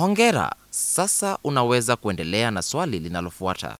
Hongera! Sasa unaweza kuendelea na swali linalofuata.